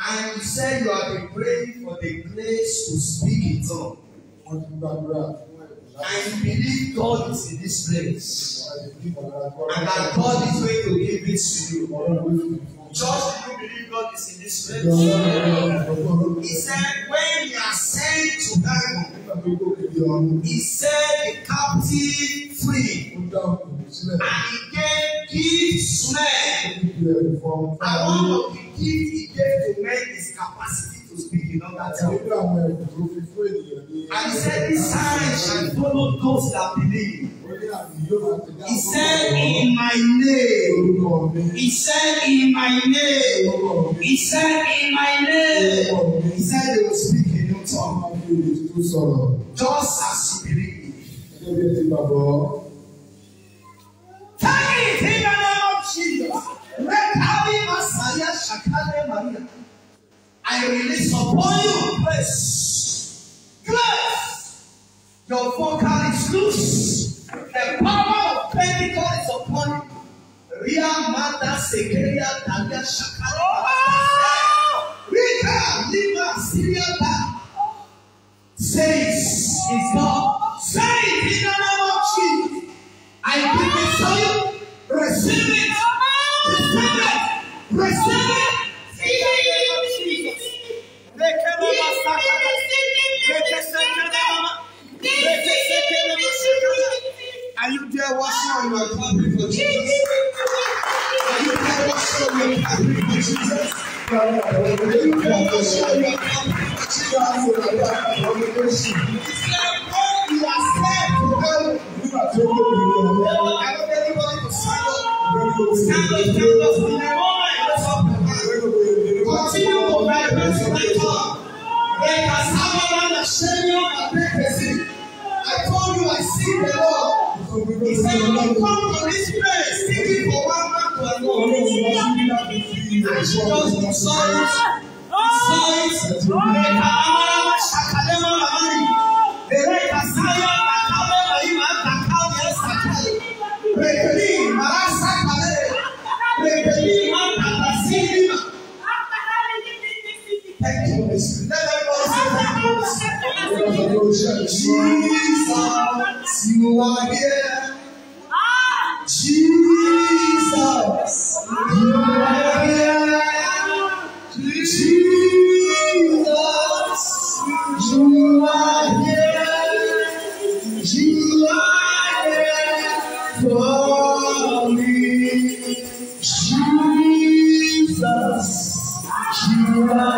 And you said you have been praying for the grace to speak in tongue. And you believe God is in this place. And that God is going to give it to you. Just you believe God is in this place? He said, when you are sent to heaven, he said, the captive free. And he gave gifts men. I want to gift he gave to men his capacity to speak in other tongues. And he said, "This sign shall follow those that believe. He said, In my name. He said, In my name. He said, In my name. He said, They will speak in new tongues. Just as you believe. Hallelujah. I release upon you grace. Grace. Your vocal is loose. The power of Pentecost is upon you. Ria mata sekeria tabia shakara. Rika lima siriata. Says is God. Say it in the name of Jesus. I give it to you. Receive it. Receive it. Receive it. you are clapping for Jesus? Are you ever sure you are clapping for Jesus? Are you ever sure you are clapping for Jesus? you are said to them, you are I don't want anybody to stand Stand up, stand up, stand up. He said, come to this place seeking for one man to alone. And she just saw it. Saw it. Made her arm. Shakalema Amari. Bere Kasaya. Akabema Ima. Akabema Sakai. Rekeli. Marasa Kalere. Rekeli. Mata Sili. Thank you, Holy Spirit. Let everybody say thank you, Holy Spirit. Jesus. you are here. Jesus, you are here. Jesus, you are here. You are here for me. Jesus, you are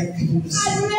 até Cristo.